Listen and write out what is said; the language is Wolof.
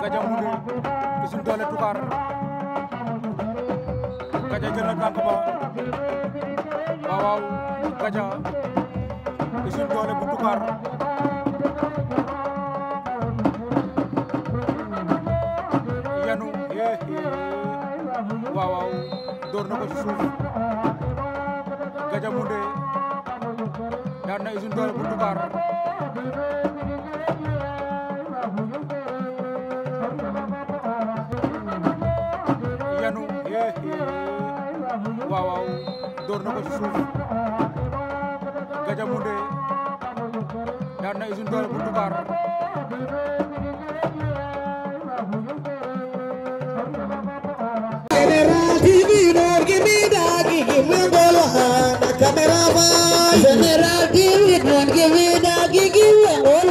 Gandia i usine doole Toucar Gandia jël na tànk ba waaw waaw doole bu Toucar yanu yee waaw door na ko ci suuf Gandia Ngoundé daan na usine doole bu Toucar waaw waaw door na ko ci suuf Gadiamoundé daan na usine doole bu Ndougar Camera boy, camera, give it, give it, give it, give it, give it,